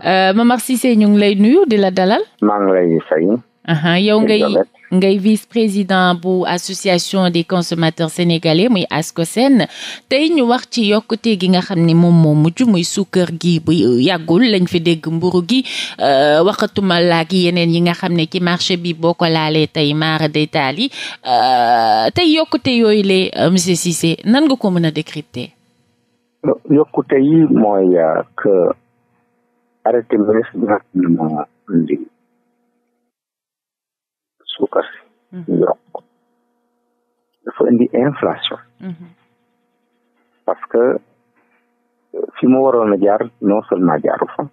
Euh, Momar Cissé ñu ngi lay nuyu di la dalal. maa ngi lay fay. yow ngay ngay vice président bu association des consommateurs sénégalais muy ASCOSEN tey ñu wax ci yokkute gi nga xam ni moom moo mujj muy suukar gi bu yàggul lañ fi dégg mburu gi euh, waxatuma laak yeneen yi nga xam ne ci marché bi boo ko laalee tey maara détail yi euh, tey yokkute yooyu lee monsieur Cissé nan nga ko mën a décrypter. yokkute yi mooy que arrêté ministre bi moo indi suukar si ñu yokk indi inflation mhm. parce que euh, fi mu waroon a jaar non seulement jaaru fa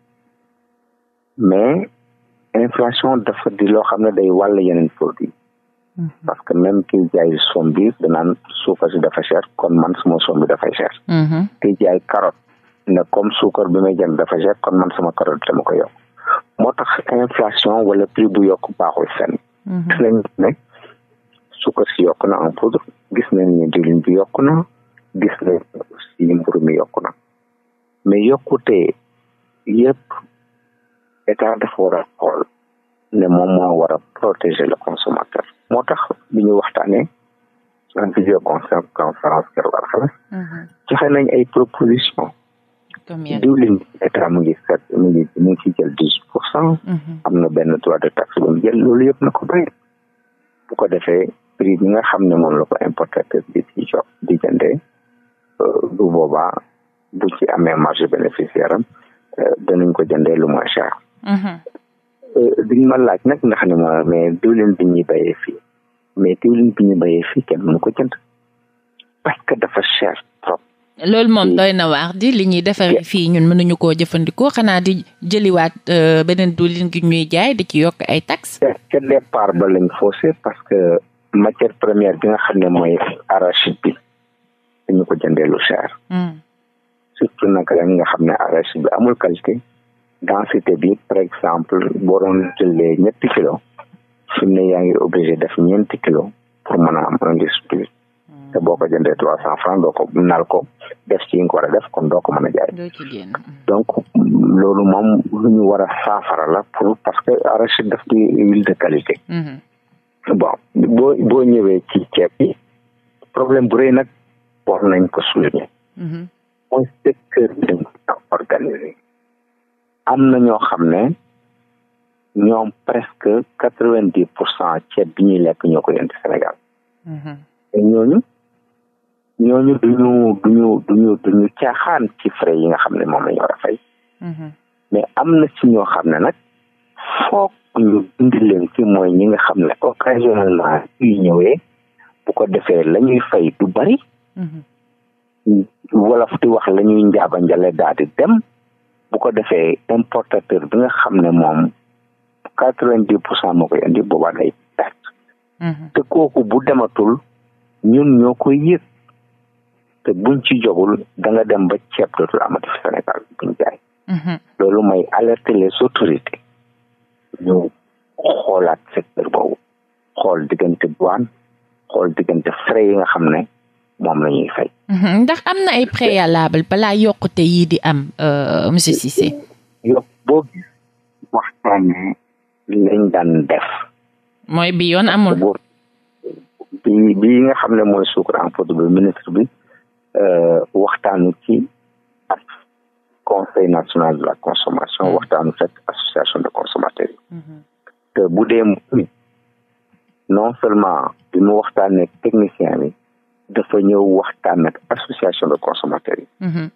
mais inflation dafa di xam ne day wàll yeneen produit mhm. parce que même kiy jaay som bi danaan suukar si dafa cher kon man suma som bi dafay cer mhm. kiy jaay carotte ne comme suukar bi may jënd dafa cher kon man sama carotte dama ko yokk moo tax inflation wala prix bu yokk baaxul fenn. Mhm. gis suukar si yokk na en poudre gis nañ ne diwlin bi yokk na gis na aussi mburu mi yokk na mais yokkute yëpp état dafa war a xool ne moom moo war protéger le consommateur. moo tax bi ñu waxtaanee en visioconférence keroog alxames mhm. joxe nañ ay proposition diwlin état mu ngi sept mu ngi mu ngi ci jël pour cent mhm. am na benn droit de taxe bu mu jël loolu yëpp na ko bàyyi bu ko defee prix nga xam ne moom la ko importateur bi ci jox di jëndee euh, bu boobaa bu ci amee marge bénéficiaire am euh, danañ ko jëndee lu moins cher mhm. euh, diñ ma laaj nag ndax ne ma mais diwlin bi ñuy bayee fii mais diwlin bi ñuy bayee fii kenn mënu ko jënd parce que dafa cher loolu moom mm. doy na waax di li ñuy defar fii ñun mënuñu koo jëfandikoo xanaa di jëliwaat euh, beneen diwlin gi ñuy jaay di ci yokk ay taxes. ca départ ba lañ faussé parce que matière première bi nga xam ne mooy arachide bi dañu ko jëndee lu cher. Mm. surtout nag lañ nga xam ne arachide bi amul qualité densité bi par exemple boo doon jëlee ñetti kilos fi ne yaa ngi obligé def ñeenti kilo pour mën a am un boo ko jëndee trois cent franc doo ko nal ko def ci nga ko a def kon doo ko mën a jaay donc loolu moom lu ñu war a saafara la pour parce que arachide daf di huile de qualité mhm. bon boo boo ñëwee ci ceeb bi problème bu rëy nag war nañ ko souligner mhm. am na ñoo xam ne ñoom presque quatre vingt dix pour cent ceeb bi ñuy lekk ñoo koy indi Sénégal mhm. ñooñu ñooñu duñu duñu duñu duñu caaxaan ci frais yi nga xam ne moom la ñu war a fay mm-hmm. mais am na si ñoo xam ne nag foog ñu indi leen ci mooy ñi nga xam ne occasionnellement yuy ñëwee bu ko defee la ñuy fay du bari mm-hmm. wolof di wax la ñuy njaaba njale daal dem bu ko defee importateur bi nga xam ne moom quatre-vingt-dix pour cent moo koy indi boobaa day perte mm-hmm. te bu dematul ñun ñoo koy yëg te buñ ci jogul da dem ba ceeb dootul amati fi Sénégal buñ jaay. Mhm. loolu mooy alerter les autorités ñu xoolaat secteur boobu xool diggante douane xool diggante frais yi nga xam ne moom lañuy ñuy mhm. ndax am na ay préalable balaa yokkute yii di am euh, monsieur Cissé. yokk boo gis waxtaanee lañ daan def. mooy bi yoon amul. bi bi nga xam ne mooy sucre en bi ministre bi. Euh, waxtaanu ci ak conseil national de la consommation mm-hmm. waxtaanu fekk association de consommateurs yi mm-hmm. te bu dee non seulement bi mu waxtaan technicien bi dafa ñëw waxtaan ak association de consommateurs yi mm-hmm.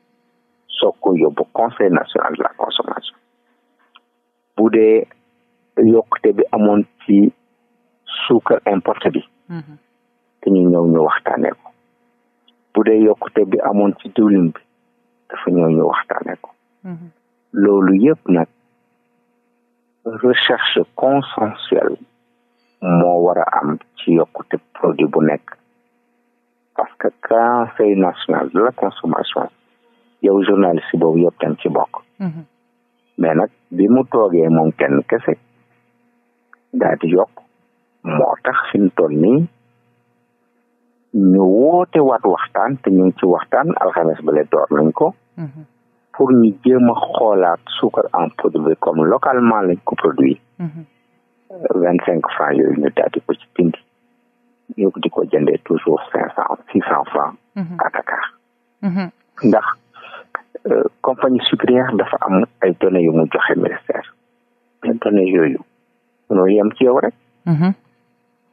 soog ko yóbbu conseil national de la consommation bu dee yokkute bi amoon ci suukar importé bi te ñu ñëw ñu waxtaanee bu dee yokkute bi amoon ci diwlin bi dafa ñëw ñu waxtaane ko mhm. loolu yëpp nag recherche consensuelle moo war a am ci yokkute produit bu nekk parce que conseil national de la consommation yow journaliste boobu yëpp tam ci bokk mhm. mais nag bi mu toogee moom kenn kese daal yokk moo tax fi mu toll nii ñu woote waat waxtaan te ñu ci waxtaan alxames ba le door nañ ko. Mhm. pour ñu jéem xoolaat suukar en poudre bi comme localement lañ ko produit. Mhm. vingt cinq francs yooyu ñu daal di ko ci pindi ñu di ko jëndee toujours cinq cent six cent francs mhm. à ndax euh, compagnie sucrière dafa am ay données yu mu joxe ministère. mais données yooyu mënoo yem ci yow rek.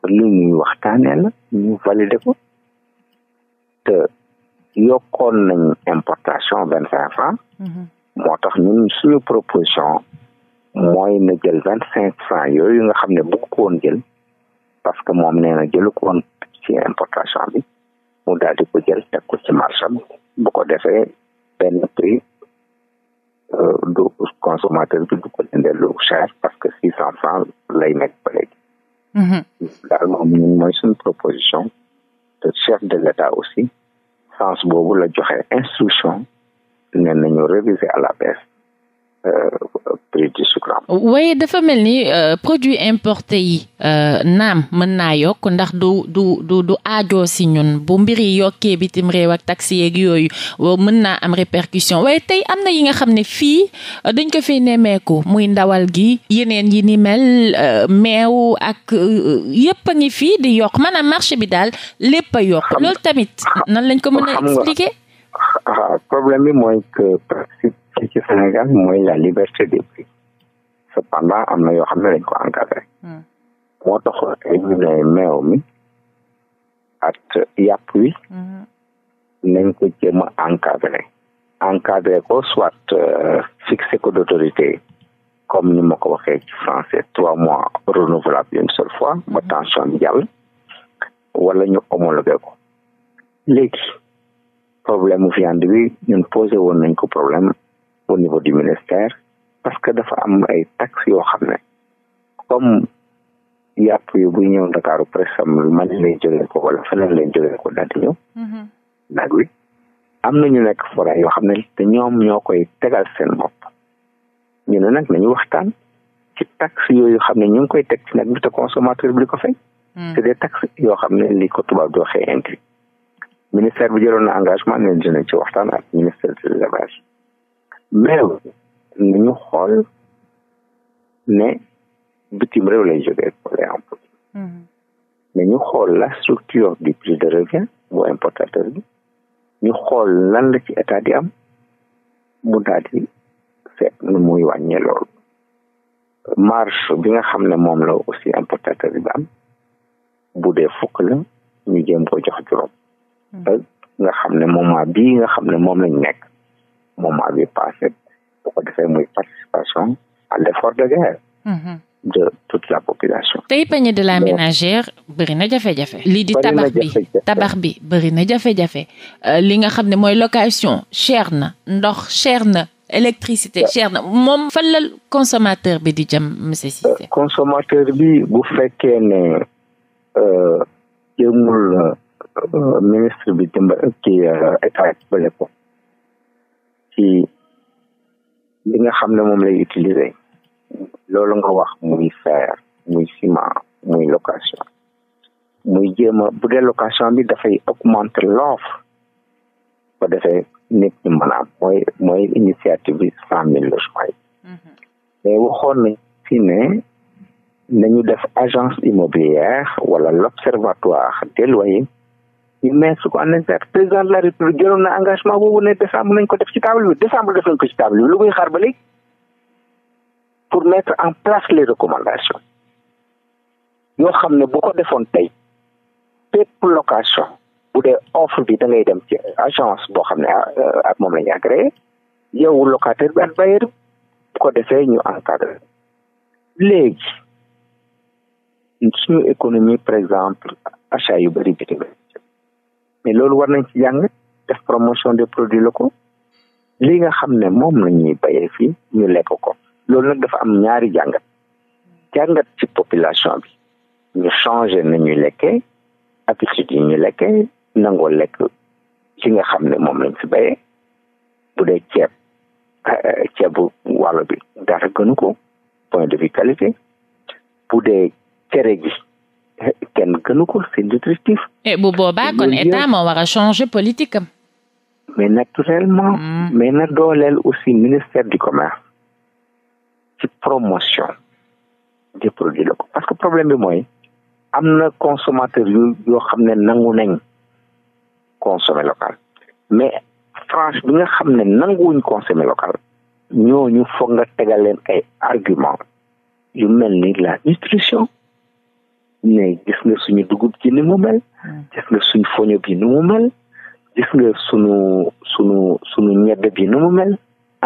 li ñuy waxtaanee ñu validé que yokkoon nañ importation vingt cinq francs mm-hmm. moo tax ñun suñu proposition mooy na jël vingt cinq francs yooyu nga xam ne bëgg woon jël parce que moom nee na jël ko woon ci importation bi mu daal di ko jël teg ko ci marché bu ko defee benn prix euh, du consommateur bi du ko jëndee lu cher parce que six lay nekk ba léegi mm-hmm. mooy suñu proposition te chef de l'État aussi sens boobu la joxe instruction ne nañu réviser à la baisse prix waaye dafa mel ni euh, produit importé yi euh, naam mën naa yokk ndax du du du du si ñun bu mbir yokkee bitim réew ak taxi yeeg yooyu euh, mën naa am répercussion waaye tey am na yi nga xam ne fii dañ ko fi nemmeeku muy ndawal gi yeneen yi ni mel meew ak yépp a ngi fii di yokk maanaam marché bi daal lépp a yokk loolu tamit nan lañ ko mën a expliquer fii ci Sénégal mooy la liberté des prix cependant am na yoo xam ne dañ ko encadré hmm. moo tax éliminer meew mi ak yàpp wi hmm. nañ ko jéem a encadré encadré ko soit euh, fixé ko d'autorité comme ni ma ko waxee ci français trois mois renouvelable une seule fois ba hmm. tension bi jàll wala ñu homologué ko léegi problème viande bi ñun posé woon nañ ko problème au niveau du ministère parce que dafa am ay taxes yoo xam ne comme yàpp yi buy ñëw Ndakaaru presque am man lay jógee ko wala feneen lay jógee ko daal di ñëw. Mm-hmm. nag wi am na ñu nekk fora yoo xam ne te ñoom ñoo koy tegal seen bopp ñu ne nag nañu waxtaan ci taxes yooyu xam ne ñu ngi koy teg ci nag bi te consommateur bi di ko fay. Mm. c'est des taxes yoo xam ne li ko tubaab doo waxee intérêt ministère bi jëloon na engagement ne dina ci waxtaan ak ministère de l'élevage meew nañu xool ne bitim réew lay jógee par exemple nañu mhm. xool la structure du prix de revient bu importateur bi ñu xool lan la ci état di am mu daal di nu muy wàññee loolu marge bi nga xam ne moom la aussi importateur bi am bu dee fukk la ñu jëm ko jox juróom mhm. nga xam ne moment bii nga xam ne moom lañ nekk moment bi passé bu ko defee muy participation à l'effort de guerre mm-hmm. tey panier de la ménagère bëri na jafe-jafe lii di tabax bi tabax bi bëri na jafe-jafe euh, li nga xam ne mooy location cher na ndox cher na électricité cher na moom fan la consommateur bi di jëm monsieur euh, Cissé consommateur bi bu fekkee ne euh, ministre bi ki état bële ko ci li nga xam ne moom lay utiliser loolu nga wax muy fer muy ciment muy location muy jéem a bu dee location bi dafay augmenter l'offre ba defee nit ñi mooy mooy initiative bi cent mille logements yi mhm. mais waxoon nañ fi ne nañu def agence immobilière wala l'observatoire des loyers mais su ko anniversaire président de la république na engagement boobu ne décembre nañ ko def ci table bi décembre def nañ ko ci table bi lu muy xaar ba léegi pour mettre en place les recommandations yoo xam ne bu ko defoon tey bépp location bu dee offre bi da ngay dem ci agence boo xam ne ah, euh, ak moom la ñu agréé yow locataire bi ak bailleur bu ko defee ñu encadré léegi suñu économie par exemple achat yu bëri bitim mais loolu war nañ ci jàng def promotion des la ko li nga xam ne moom la ñuy bayee fii ñu lekk ko loolu nag dafa am ñaari jàngat jàngat ci population bi ñu changé na ñuy lekkee habitude yi ñu lekkee nangoo lekk ci nga xam ne moom lañ si bayee bu dee ceeb euh, ceebu wàllo bi dara gënu ko point de vue qualité bu dee cere gi kenn gënu ko c'est nutritif et bu boobaa kon état moo war a changer politique am mais naturellement hmm. mais na dooleel aussi ministère di commerce ci promotion des produits locaux parce que problème bi mooy am na consommateur yoo xam ne nangu nañ consommer local mais franche bi nga xam ne nanguwuñ consommer local ñu foog nga tegal leen ay argument yu mel ni la nutrition mais gis nga suñu dugub ji ni mu mel mm. gis nga suñu foño bi ni mu mel gis nga suñu suñu suñu ñebbe bi ni mu mel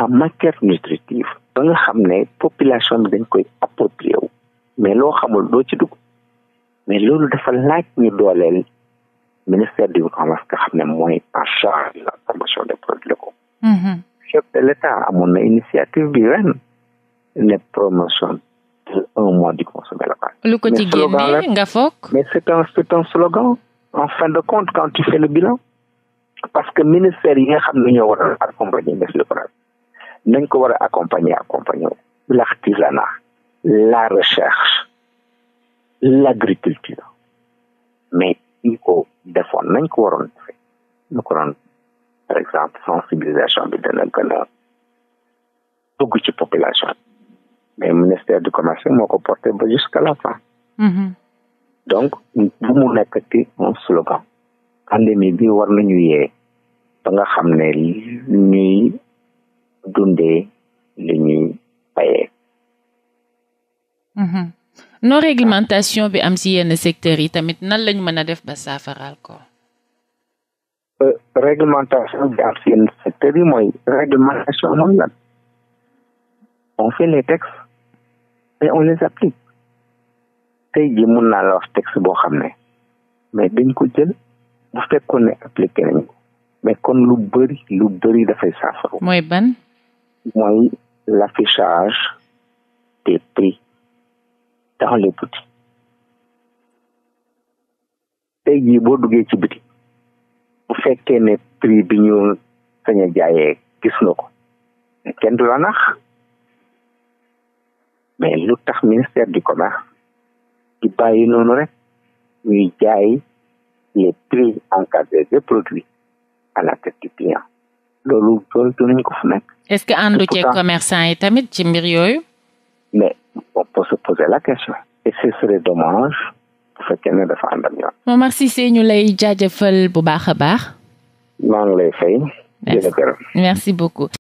en matière nutritive ba nga xam ne population bi dañ koy approprié wu mais loo xamul doo ci dugg mais loolu dafa laaj ñu dooleel ministère du commerce nga xam ne mooy en charge la promotion des produits locaux mm-hmm. chef de l' état amoon na initiative bi ren ne promotion de un mois du consommer local. lu ko ci génne nga foog. mais c'est un slogan en fin de compte quand tu fais le bilan parce que ministère yi nga xam ne ñoo war a accompagner industrie locale nañ ko war a accompagner accompagner l'artisanat la recherche l'agriculture mais il faut defoon nañ ko waroon defee ñu ko doon par exemple sensibilisation bi dana gën a dugg ci population mais ministère de commerce moo ko porté ba jusqu'à la fin mm-hmm. donc bu mu nekkati moom slogan pandémie bi war nañu yee ba nga xam ne ñuy dundee li ñuy fayee mm-hmm. non réglementation bi am si yenn secteurs yi tamit nan lañu mën a def ba saafaraal ko euh, réglementation bi am si yenn secteurs yi mooy réglementation moom lan on fait les textes mais on les applique tey jii mun naa la wax texte boo xam ne mais dañ ko jël bu fekkoon ne appliqué nañ ko mais kon lu bëri lu bëri dafay saafaru mooy ban mooy l'affichage des prix dans les boutiques tey jii boo duggee ci biti bu fekkee ne prix bi ñu sañ a jaayee gis nga ko kenn du la nax mais lu tax ministère du commerce di bàyyi noonu rek ñuy jaay les prix encadrés des produits à la tête du client loolu jooytu nañ ko fu nekk. est-ce que àndu ci commerçant yi tamit ci mbir yooyu. mais on peut se poser la question. et ce serait dommage bu fekkee ne dafa ànd ak ñoom. Momar Cissé ñu lay jaajëfal bu baax a baax. maa lay fay. merci beaucoup.